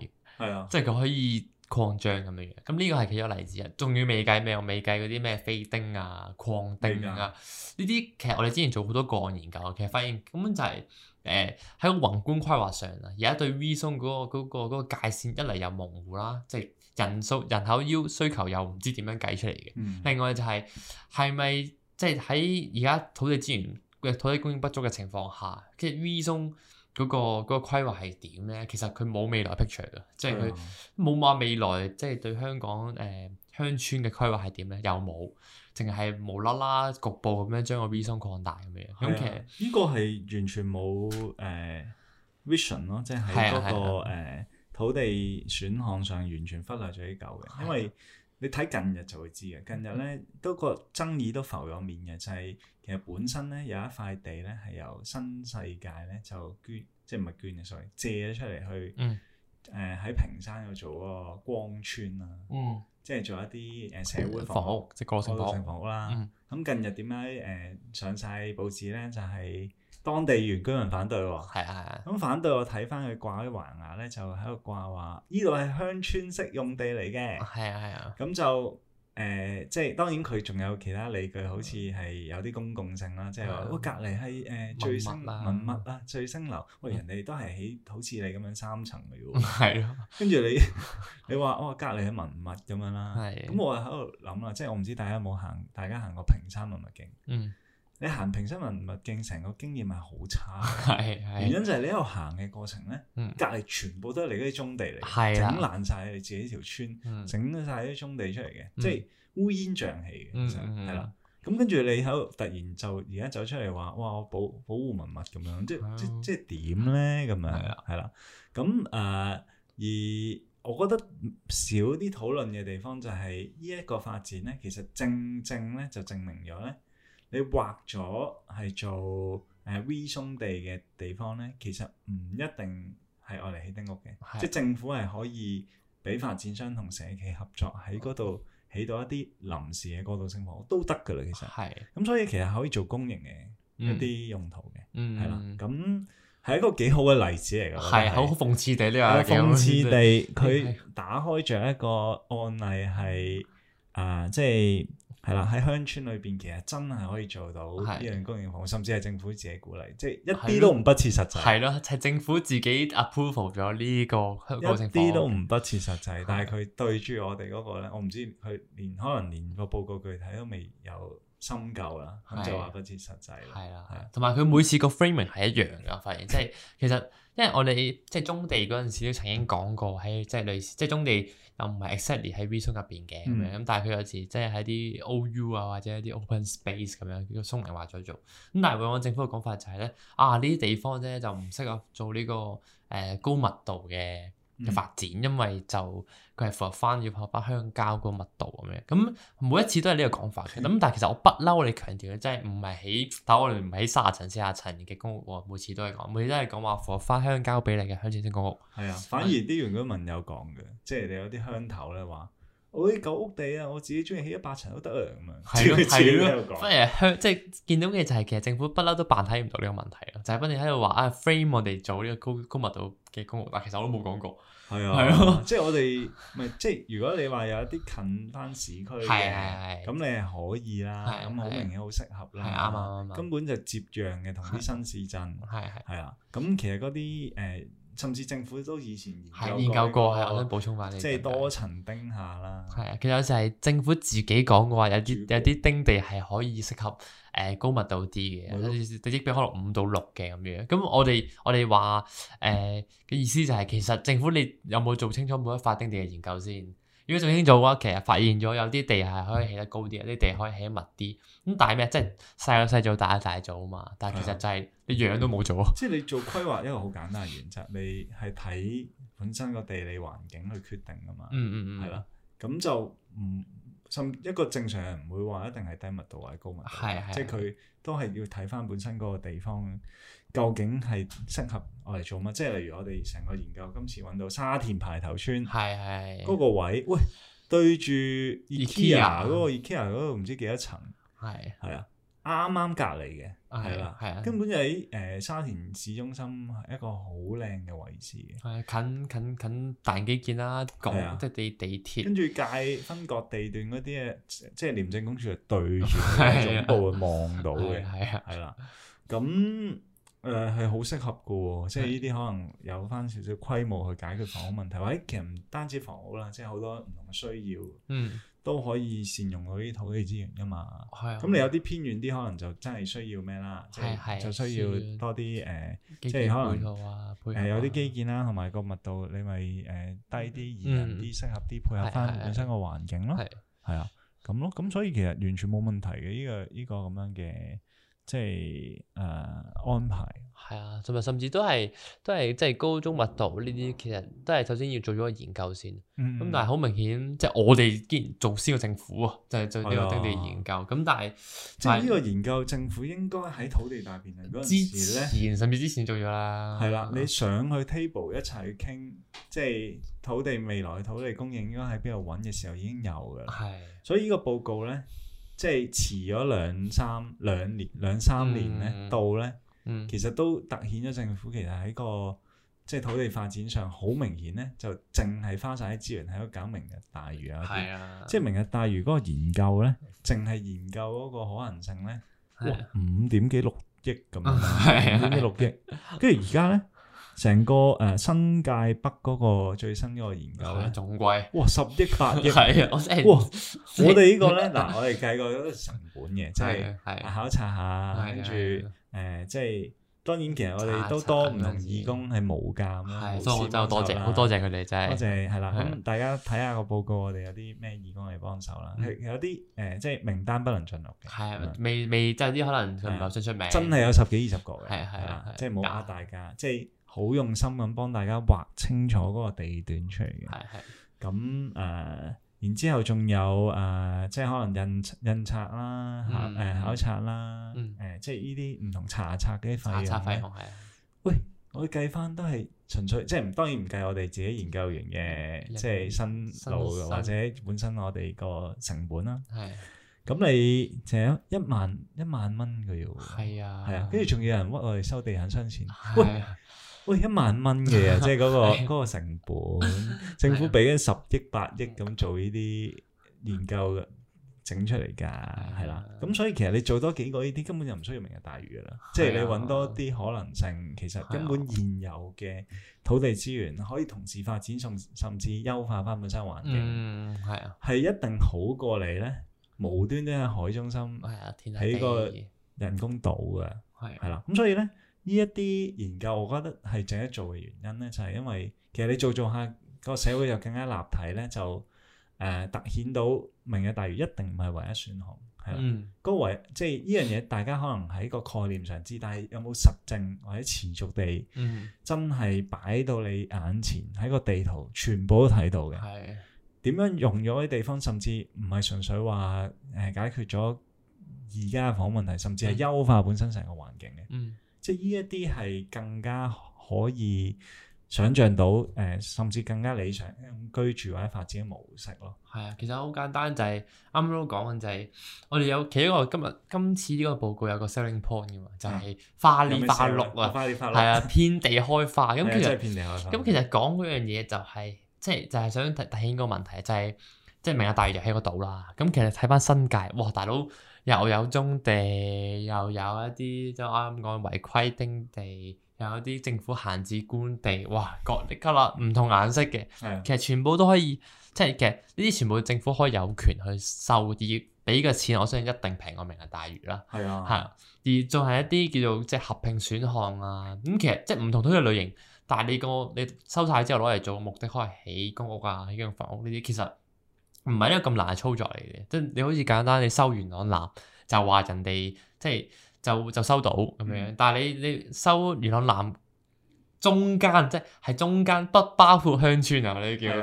即係佢的可以擴張咁樣樣。咁、這、呢個係其中一個例子啊。仲要未計咩？我未計嗰啲咩飛丁啊、擴丁啊呢啲。其實我哋之前做好多個案研究，其實發現根本就係誒喺個宏觀規劃上啊，而家對 V 松嗰、那個嗰、那個嗰、那個那個界線一嚟又模糊啦，即係。人數、人口要需求又唔知點樣計出嚟嘅。嗯、另外就係係咪即係喺而家土地資源嘅土地供應不足嘅情況下，即係 Vision 嗰個嗰、嗰個規劃係點咧？其實佢冇未來的 picture 嘅，嗯、即係佢冇話未來即係、就是、對香港誒、呃、鄉村嘅規劃係點咧？又冇，淨係無啦啦局部咁樣將個 Vision 擴大咁樣。咁其實呢、啊這個係完全冇誒、呃、Vision 咯、嗰個，即係嗰個誒。嗯嗯嗯嗯土地選項上完全忽略咗啲舊嘅，的因為你睇近日就會知嘅。近日咧、嗯、都個爭議都浮咗面嘅，就係、是、其實本身咧有一塊地咧係由新世界咧就捐，即係唔係捐嘅，所謂借咗出嚟去，誒喺屏山度做嗰個光村啊，嗯、即係做一啲誒社會房屋，即係過渡性房屋啦。咁、嗯嗯、近日點解誒上晒報紙咧，就係、是？當地原居民反對喎，係啊係啊，咁反對我睇翻佢掛喺橫額咧，就喺度掛話：依度係鄉村式用地嚟嘅，係啊係啊。咁就誒，即係當然佢仲有其他理據，好似係有啲公共性啦，即係話，我隔離係誒最新文物啊，最新樓，喂人哋都係起好似你咁樣三層嚟喎，係咯。跟住你你話我隔離係文物咁樣啦，係。咁我喺度諗啦，即係我唔知大家有冇行，大家行過平山文物徑，嗯。你行屏山文物徑，成個經驗係好差，係原因就係你喺度行嘅過程咧，隔離全部都係嚟嗰啲宗地嚟，整爛晒你自己條村，整晒啲宗地出嚟嘅，即係烏煙瘴氣嘅，係啦。咁跟住你喺度突然就而家走出嚟話，哇！保保護文物咁樣，即即即點咧咁樣？係啦，咁誒，而我覺得少啲討論嘅地方就係呢一個發展咧，其實正正咧就證明咗咧。你劃咗係做誒微鬆地嘅地方咧，其實唔一定係愛嚟起丁屋嘅，的即係政府係可以俾發展商同社企合作喺嗰度起到一啲臨時嘅過渡性房屋都得㗎喇，其實係。咁的所以其實可以做公營嘅、嗯、一啲用途嘅，係啦、嗯。咁係一個幾好嘅例子嚟㗎。係好諷刺地，呢個諷刺地，佢打開咗一個案例係啊、呃，即係。係啦，喺鄉村裏邊，其實真係可以做到一樣公營房，的甚至係政府自己鼓勵，即係一啲都唔不切實際。係咯，就係政府自己 approve 咗呢個香港情況，一啲都唔不切實際。的但係佢對住我哋嗰個咧，我唔知佢連可能連個報告具體都未有深究啦，咁的就話不切實際。係啦，同埋佢每次個 framing 係一樣嘅，我發現即係 其實因為我哋即係中地嗰陣時都曾經講過喺即係類似即係中地。又唔係 exactly 喺 WeChat 入邊嘅咁樣，咁、嗯、但係佢有時即係喺啲 OU 啊或者啲 open space 咁樣，個聰明話再做，咁但係香港政府嘅講法就係、是、咧，啊呢啲地方啫就唔適合做呢、呢個誒、呃、高密度嘅。嗯、發展，因為就佢係符合翻要符合翻鄉郊嗰個密度咁樣，咁每一次都係呢個講法嘅。嗯、但其實我不嬲你強調，嗯、即係唔係喺，但我哋唔喺卅層四十層嘅公屋每，每次都係講，每次都係講話符合翻鄉郊比例嘅鄉郊型公屋。嗯、反而啲原居民有講嘅，即係你有啲鄉頭咧話。好啲舊屋地啊，我自己中意起一百層都得啊，咁樣。係咯係咯，反而香，即係見到嘅就係其實政府不嬲都扮睇唔到呢個問題咯，就係不斷喺度話啊，frame 我哋做呢個高高密度嘅公屋，但其實我都冇講過。係啊。係啊。即係我哋，唔係即係如果你話有一啲近翻市區嘅，咁你係可以啦，咁好明顯好適合啦，啱唔啱啊？根本就接壤嘅同啲新市鎮，係係係啊，咁其實嗰啲誒。甚至政府都以前研究過，係，我想補充翻你，即係多層丁下啦。係啊，其實有時係政府自己講嘅話，有啲有啲丁地係可以適合誒、呃、高密度啲嘅，有地積比可能五到六嘅咁樣。咁我哋我哋話誒嘅意思就係、係、其實政府你有冇做清楚每一塊丁地嘅研究先？如果重新做嘅話，其實發現咗有啲地係可以起得高啲，有啲、嗯、地可以起得密啲。咁大咩？即係細有細做，大有大做啊嘛。但係其實就係你樣都冇做啊。即係、嗯嗯嗯、你做規劃一個好簡單嘅原則，你係睇本身個地理環境去決定㗎嘛。嗯嗯嗯，係啦。咁就嗯。嗯甚一個正常人唔會話一定係低密度或者高密度，是的 即係佢都係要睇翻本身嗰個地方究竟係適合我哋做乜。即係例如我哋成個研究今次揾到沙田排頭村，係係嗰個位，是的 喂，對住 IKEA 嗰個 IKEA 嗰度唔知幾多層，係係啊啱啱隔離嘅。啊，係啦，係啊，根本就喺誒沙田市中心，係一個好靚嘅位置嘅。係近近近大基建啦，港即地地鐵，跟住界分割地段嗰啲嘢，即係廉政公署對住 總部會望到嘅。係啊、嗯，係啦，咁誒係好適合嘅喎， 即係呢啲可能有翻少少規模去解決房屋問，問題。喂， 或者其實唔單止房屋啦，即係好多唔同嘅需要。嗯。 都可以善用到啲土地資源噶嘛，咁 你有啲偏遠啲，可能就真係需要咩啦， 就，就需要多啲誒，即係可能誒有啲基建啦、啊，同埋個密度你咪誒低啲、嗯、嚴啲、適合啲配合翻本身個環境咯，係啊，咁咯，咁所以其實完全冇問題嘅呢、呢個呢、呢個咁樣嘅即係誒、呃、安排。係啊，甚至甚至都係都係即係高中密度呢啲，其實都係首先要做咗個研究先。咁、嗯、但係好明顯，即、就、係、是、我哋既然做先個政府啊，就係、是、做呢個丁地研究。咁、嗯、但係即係呢個研究，政府應該喺土地大辯論嗰陣時咧，甚至之前做咗啦。係啦、啊，啊、你上去 table 一齊去傾，即、就、係、是、土地未來土地供應應該喺邊度揾嘅時候，已經有噶。係、啊。所以呢個報告咧，即係遲咗兩三兩年兩三年咧，到咧。嗯嗯，其實都凸顯咗政府其實喺個即係土地發展上好明顯咧，就淨係花晒啲資源喺度搞明日大嶼啊，即係明日大嶼嗰個研究咧，淨係研究嗰個可能性咧，哇五點幾六億咁樣，五點幾六億，跟住而家咧，成個誒新界北嗰個最新嗰個研究咧，總歸哇十億八億，哇，我哋呢個咧嗱，我哋計過嗰個成本嘅，即係考察下，跟住。誒，即係當然，其實我哋都多唔同義工係無價，咁好多州多謝，多謝佢哋就係，多謝係啦。咁大家睇下個報告，我哋有啲咩義工嚟幫手啦。有啲誒，即係名單不能進入嘅，係啊，未未就啲可能唔夠出出名，真係有十幾二十個嘅，係係啊，即係冇呃大家，即係好用心咁幫大家畫清楚嗰個地段出嚟嘅，係係。咁誒。然之後仲有誒，即係可能印印刷啦，嚇考察啦，誒即係呢啲唔同查冊啲費用。查冊費係啊。喂，我計翻都係純粹，即係當然唔計我哋自己研究員嘅，即係新路或者本身我哋個成本啦。係。咁你成一萬一萬蚊佢要。係啊。係啊，跟住仲有人屈我哋收地產商錢。係一萬蚊嘅即係嗰個成本，政府俾咗十億、八億咁做呢啲研究整出嚟㗎，係啦。咁所以其實你做多幾個呢啲，根本就唔需要明日大嶼㗎啦。即係你揾多啲可能性，其實根本現有嘅土地資源可以同時發展，甚甚至優化翻本身環境。嗯，係啊，係一定好過你咧，無端端喺海中心，係啊，喺個人工島㗎，係，係啦。咁所以咧。呢一啲研究，我覺得係值得做嘅原因咧，就係因為其實你做做下個社會就更加立體咧，就誒突、呃、顯到明日大嶼一定唔係唯一選項，係啦。高維、嗯、即係呢樣嘢，大家可能喺個概念上知，但係有冇實證或者持續地真係擺到你眼前，喺個地圖全部都睇到嘅。係點、嗯、樣用咗啲地方，甚至唔係純粹話誒、呃、解決咗而家嘅房問題，甚至係優化本身成個環境嘅。嗯。即係依一啲係更加可以想像到誒、呃，甚至更加理想居住或者發展嘅模式咯。係啊，其實好簡單就係、是，啱啱都講緊就係、是，我哋有企喺個今日今次呢個報告有個 selling point 嘅嘛，就係花里花碌啊，啊，花係啊，遍地開花咁其實咁、 啊、其實講嗰樣嘢就係即係就係、是就是、想提提醒個問題就係、是，即、就、係、是就是、明日大嶼喺個島啦。咁其實睇翻新界哇，大佬。又有棕地，又有一啲即係啱啱講違規丁地，又有啲政府閒置官地，哇！各力確咯，唔同顏色嘅，的其實全部都可以，即係其實呢啲全部政府可以有權去收，俾個錢，我相信一定平過明日大嶼啦。係啊的，而仲係一啲叫做即係合併選項啊，咁其實即係唔同推嘅類型，但係你個你收晒之後攞嚟做目的，開起公屋啊，起間房屋呢啲，其實～唔係一個咁難嘅操作嚟嘅，即係你好似簡單，你收元朗南就話人哋即係就就收到咁樣，但係你你收元朗南中間即係中間不包括鄉村啊，你叫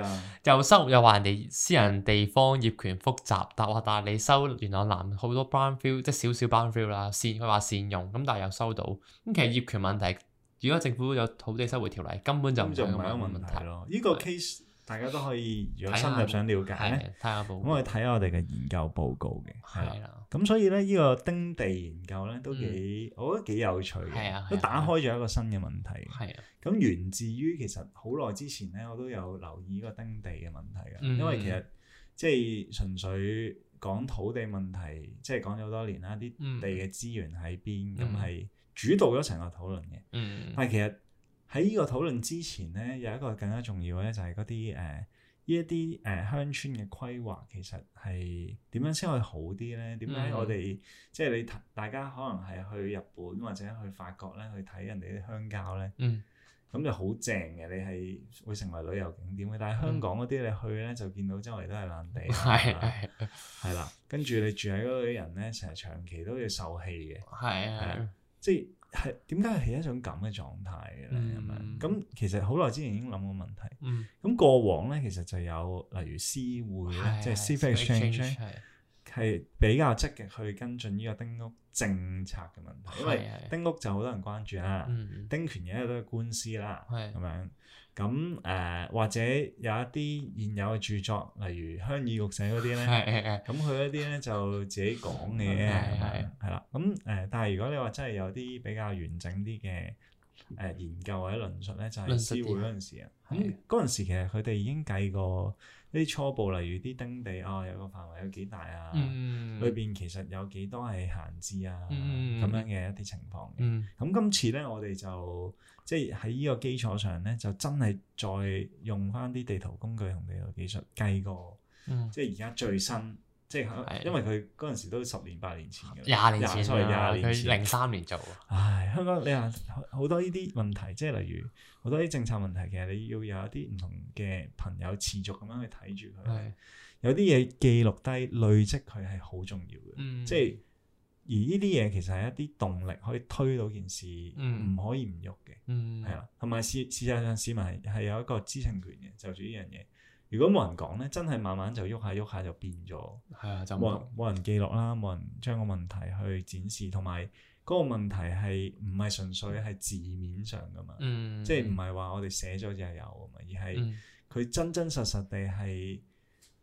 又的收又話人哋私人地方業權複雜，但但係你收元朗南好多 brown field 即係少少 brown field 啦，善佢話善用，咁但係又收到，咁其實業權問題，如果政府有土地收回條例，根本就唔係一個問題咯，呢對個 case。大家都可以，如果深入想了解咧，咁去睇下我哋嘅研究報告嘅。係啦的，咁的所以咧，呢個丁地研究咧都幾，嗯、我覺得幾有趣嘅，的都打開咗一個新嘅問題。係啊的，咁源自於其實好耐之前咧，我都有留意呢個丁地嘅問題㗎，嗯、因為其實即係純粹講土地問題，即係講咗好多年啦，啲地嘅資源喺邊，咁係、嗯、主導咗成個討論嘅。嗯嗯但係其實。喺呢個討論之前咧，有一個更加重要咧，就係嗰啲誒呢一啲誒鄉村嘅規劃，其實係點樣先可以好啲咧？點解、mm. 我哋即係你大家可能係去日本或者去法國咧，去睇人哋啲鄉郊咧，咁、mm. 就好正嘅，你係會成為旅遊景點嘅。但係香港嗰啲你去咧，就見到周圍都係爛地，係係啦。跟住你住喺嗰度啲人咧，成日長期都要受氣嘅，係係即係。係點解係一種咁嘅狀態嘅咧？咁樣咁其實好耐之前已經諗過問題。咁、嗯、過往咧，其實就有例如私會，即係 Civic Exchange 係比較積極去跟進呢個丁屋政策嘅問題，的因為丁屋就好多人關注啦。的丁權而家都係官司啦，咁樣的。的咁誒、嗯、或者有一啲現有嘅著作，例如鄉議局寫嗰啲咧，咁佢一啲咧就自己講嘅，係啦、嗯。咁誒吧，但係如果你話真係有啲比較完整啲嘅誒研究或者論述咧，就係師會嗰陣時啊，嗰陣吧、嗯、時其實佢哋已經計過。呢啲初步，例如啲丁地啊、哦，有個範圍有幾大啊？嗯、裏邊其實有幾多係閒置啊？咁、嗯、樣嘅一啲情況。咁今、嗯、次咧，我哋就即係喺呢個基礎上咧，就真係再用翻啲地圖工具同地圖技術計過，嗯、即係而家最新。即係，因為佢嗰陣時都十年八年前嘅，廿年前啊，佢零三年做。唉，香港你話好多呢啲問題，即係例如好多啲政策問題，其實你要有一啲唔同嘅朋友持續咁樣去睇住佢，是有啲嘢記錄低累積佢係好重要嘅。嗯、即係而呢啲嘢其實係一啲動力可以推到件事，唔、嗯、可以唔喐嘅。嗯，係啦，同埋事事實上市民係係有一個知情權嘅，就住呢樣嘢。如果冇人講咧，真係慢慢就喐下喐下就變咗。係啊，就冇人冇人記錄啦，冇人將個問題去展示，同埋嗰個問題係唔係純粹係字面上噶嘛？嗯，即係唔係話我哋寫咗就係有㗎嘛？而係佢真真實實地係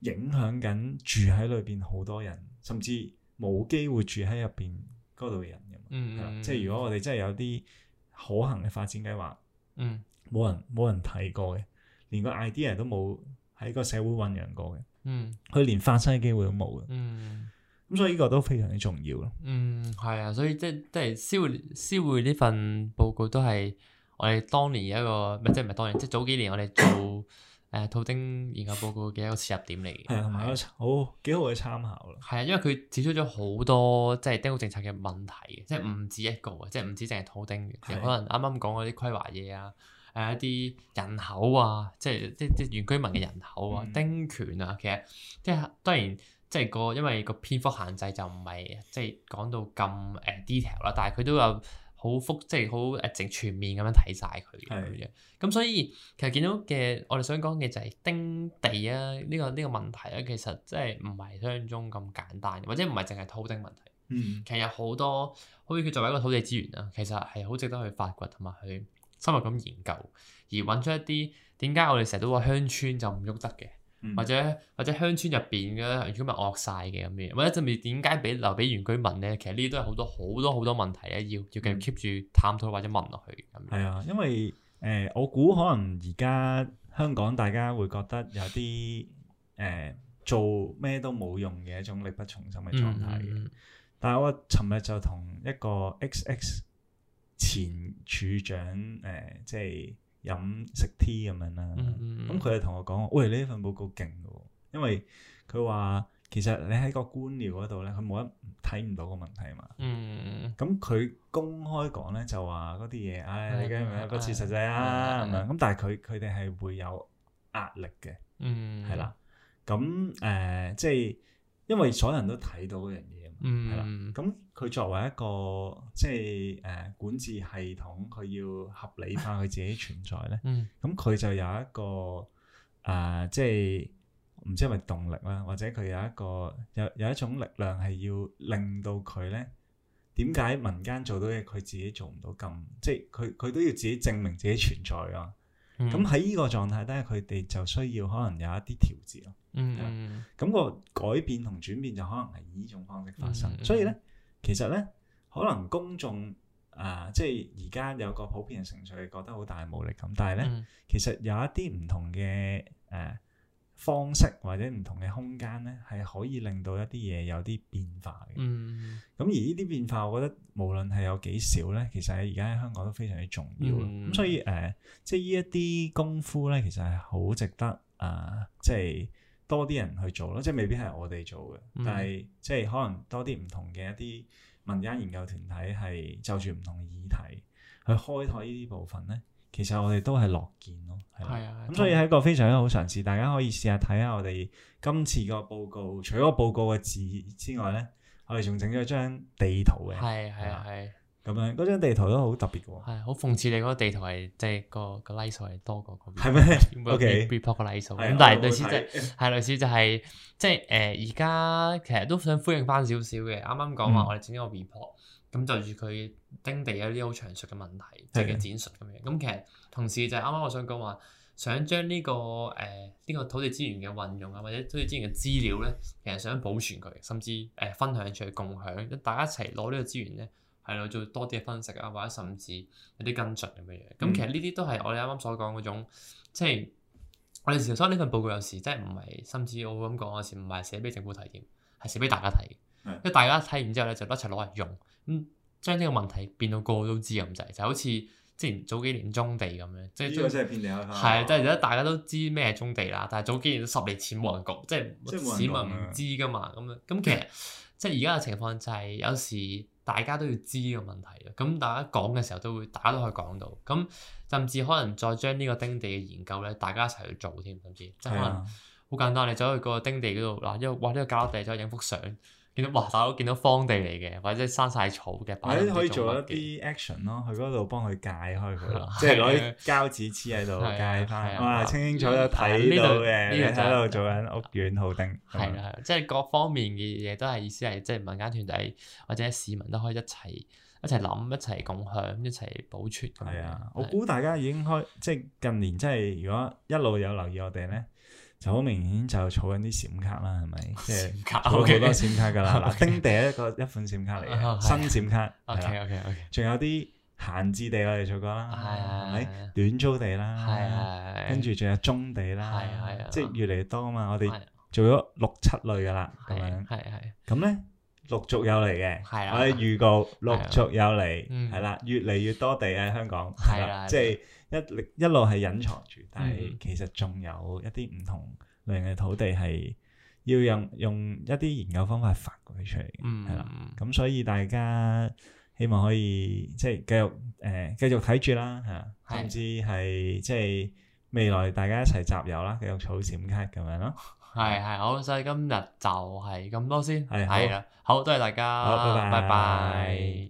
影響緊住喺裏邊好多人，甚至冇機會住喺入邊嗰度嘅人嘅嘛。嗯，即係如果我哋真係有啲可行嘅發展計劃，嗯，冇人冇人提過嘅，連個 idea 都冇。喺個社會醞釀過嘅，嗯，佢連發生嘅機會都冇嘅，嗯，咁所以呢個都非常之重要咯，嗯，係啊，所以即係即係消消匯呢份報告都係我哋當年一個，唔係即係唔係當年，即係早幾年我哋做誒套丁研究報告嘅一個切入點嚟嘅。係啊，好幾好嘅參考咯，係啊，因為佢指出咗好多即係丁屋政策嘅問題嘅，即係唔止一個，即係唔止淨係套丁嘅，可能啱啱講嗰啲規劃嘢啊。誒一啲人口啊，即係即即原居民嘅人口啊、嗯、丁權啊，其實即係當然即係個因為個篇幅限制就唔係即係講到咁誒、uh, detail 啦、啊，但係佢都有好複即係好誒整全面咁樣睇晒佢咁樣。咁是所以其實見到嘅我哋想講嘅就係丁地啊，呢、呢個呢、呢個問題啊，其實即係唔係相中咁簡單，或者唔係淨係土地問題。嗯，其實有好多好似佢作為一個土地資源啊，其實係好值得去發掘同埋去。深入咁研究，而揾出一啲點解我哋成日都話鄉村就唔喐得嘅，嗯、或者或者鄉村入邊嘅如果咪惡晒嘅咁樣，或者甚至點解俾留俾原居民咧，其實呢啲都係好多好多好多問題啊，要要繼續 keep 住探討或者問落去。係啊、嗯，因為誒、呃，我估可能而家香港大家會覺得有啲誒、呃、做咩都冇用嘅一種力不從心嘅狀態、嗯、但係我尋日就同一個 XX。前處長誒、呃，即係飲食 tea 咁樣啦。咁佢、mm hmm. 嗯、就同我講，喂，呢份報告勁喎，因為佢話其實你喺個官僚嗰度咧，佢冇得睇唔到個問題嘛。咁佢、mm hmm. 嗯、公開講咧就話嗰啲嘢，唉、哎，你梗係唔係不切實際啊？咁、mm hmm. 樣咁，但係佢佢哋係會有壓力嘅，係、mm hmm. 啦。咁誒、呃，即係因為所有人都睇到嗰樣嘢。嗯，係啦。咁佢作為一個即係誒、呃、管治系統，佢要合理化佢自己存在咧。咁佢、嗯、就有一個誒、呃，即係唔知係咪動力啦，或者佢有一個有有一種力量係要令到佢咧點解民間做到嘢，佢自己做唔到咁，即係佢佢都要自己證明自己存在啊。咁喺呢個狀態咧，佢哋就需要可能有一啲調節咯。嗯，咁、啊那個改變同轉變就可能係以呢種方式發生。嗯嗯、所以咧，其實咧，可能公眾啊、呃，即係而家有個普遍嘅情緒，覺得好大無力感。但係咧，嗯、其實有一啲唔同嘅誒、呃方式或者唔同嘅空間咧，係可以令到一啲嘢有啲變化嘅。咁、嗯、而呢啲變化，我覺得無論係有幾少咧，其實喺而家喺香港都非常之重要。咁、嗯、所以誒、呃，即係呢一啲功夫咧，其實係好值得啊、呃，即係多啲人去做咯，即係未必係我哋做嘅，嗯、但係即係可能多啲唔同嘅一啲民間研究團體係就住唔同嘅議題去開拓呢啲部分咧。其實我哋都係樂見咯，係啊，咁的所以係一個非常之好嘗試，大家可以試下睇下我哋今次個報告，除咗報告嘅字之外咧，我哋仲整咗張地圖嘅，係係係，咁的的樣嗰張地圖都好特別嘅喎，好諷刺，你嗰個地圖係即係個、那個 like 數係多過咁個、那個，係咩？OK，report 個 like 數咁，的但係類似就係、是、類似就係即係誒而家其實都想呼應翻少少嘅，啱啱講話我哋整咗個 report、嗯。咁就住佢丁地有啲好詳述嘅問題，即係嘅展述咁樣。咁其實同時就係啱啱我想講話、這個，想將呢個誒呢個土地資源嘅運用啊，或者土地資源嘅資料咧，其實想保存佢，甚至誒、呃、分享出去共享，大家一齊攞呢個資源咧，係咯做多啲嘅分析啊，或者甚至有啲跟進咁嘅樣。咁、嗯、其實呢啲都係我哋啱啱所講嗰種，即、就、係、是、我哋時常所呢份報告有時真係唔係，甚至我會咁講，有時唔係寫俾政府睇嘅，係寫俾大家睇。因大家睇完之後咧，就一齊攞嚟用，咁將呢個問題變到個個都知咁滯，就好似之前早幾年中地咁樣，即係即地啊！係，即係、而家大家都知咩中地啦，但係早幾年都十年前冇人講，即係市民唔知噶嘛，咁咁是的 其實是的 即係而家嘅情況就係有時大家都要知呢個問題啊，咁大家講嘅時候都會，大家都可以講到，咁甚至可能再將呢個丁地嘅研究咧，大家一齊去做添，甚至即係可能好簡單，你走去個丁地嗰度嗱，因為哇呢、呢個角地走影幅相。是的 見到哇！大佬見到荒地嚟嘅，或者生晒草嘅，或者可以做一啲 action 咯，去嗰度幫佢解開佢。即係攞啲膠紙黐喺度，解翻。哇！清清楚楚睇到嘅，呢度就喺度做緊屋苑豪定。係啦，即係各方面嘅嘢都係意思係，即係民間團體或者市民都可以一齊一齊諗、一齊共享、一齊保存。係啊，我估大家已經開，即係近年即係如果一路有留意我哋咧。就好明顯就儲緊啲閃卡啦，係咪？即係儲好幾多閃卡噶啦。丁地一個一款閃卡嚟嘅，新閃卡。OK OK OK。仲有啲閒置地我哋做過啦，係係。短租地啦，係啊。跟住仲有棕地啦，係啊。即係越嚟越多啊嘛！我哋做咗六七類噶啦，咁樣。係係。咁咧陸續有嚟嘅，我哋預告陸續有嚟，係啦，越嚟越多地喺香港，係啦，即係。一一路係隱藏住，但係其實仲有一啲唔同類型嘅土地係要用用一啲研究方法發掘出嚟嘅，係啦。咁所以大家希望可以即係繼續誒繼續睇住啦，嚇，甚至係即係未來大家一齊集郵啦，繼續儲閃卡咁樣咯。係係，好，所以今日就係咁多先，係啦，好，多謝大家，拜拜。